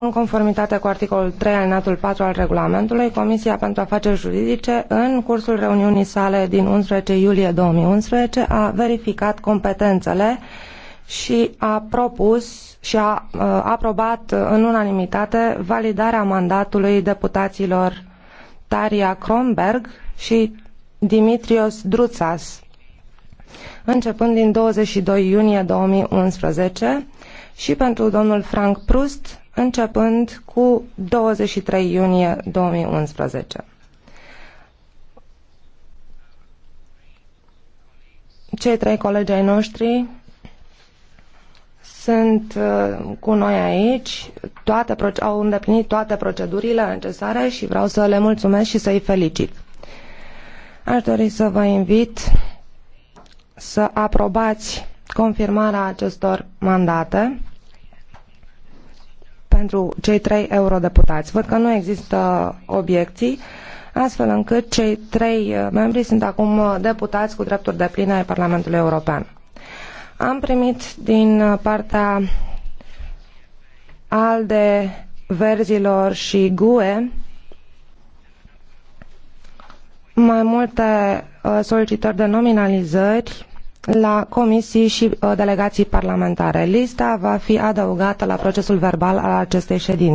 În conformitate cu articolul 3 alinatul 4 al regulamentului, Comisia pentru Afaceri Juridice, în cursul reuniunii sale din 11 iulie 2011, a verificat competențele și a propus și a uh, aprobat în unanimitate validarea mandatului deputaților Taria Kronberg și Dimitrios Druțas, începând din 22 iunie 2011, și pentru domnul Frank Prust, începând cu 23 iunie 2011. Cei trei colegi ai noștri sunt uh, cu noi aici, toate, au îndeplinit toate procedurile necesare și vreau să le mulțumesc și să-i felicit. Aș dori să vă invit să aprobați confirmarea acestor mandate pentru cei trei eurodeputați. Văd că nu există obiecții, astfel încât cei trei uh, membri sunt acum uh, deputați cu drepturi de pline ai Parlamentului European. Am primit din uh, partea ALDE, Verzilor și GUE mai multe solicitări de nominalizări la comisii și uh, delegații parlamentare. Lista va fi adăugată la procesul verbal al acestei ședințe.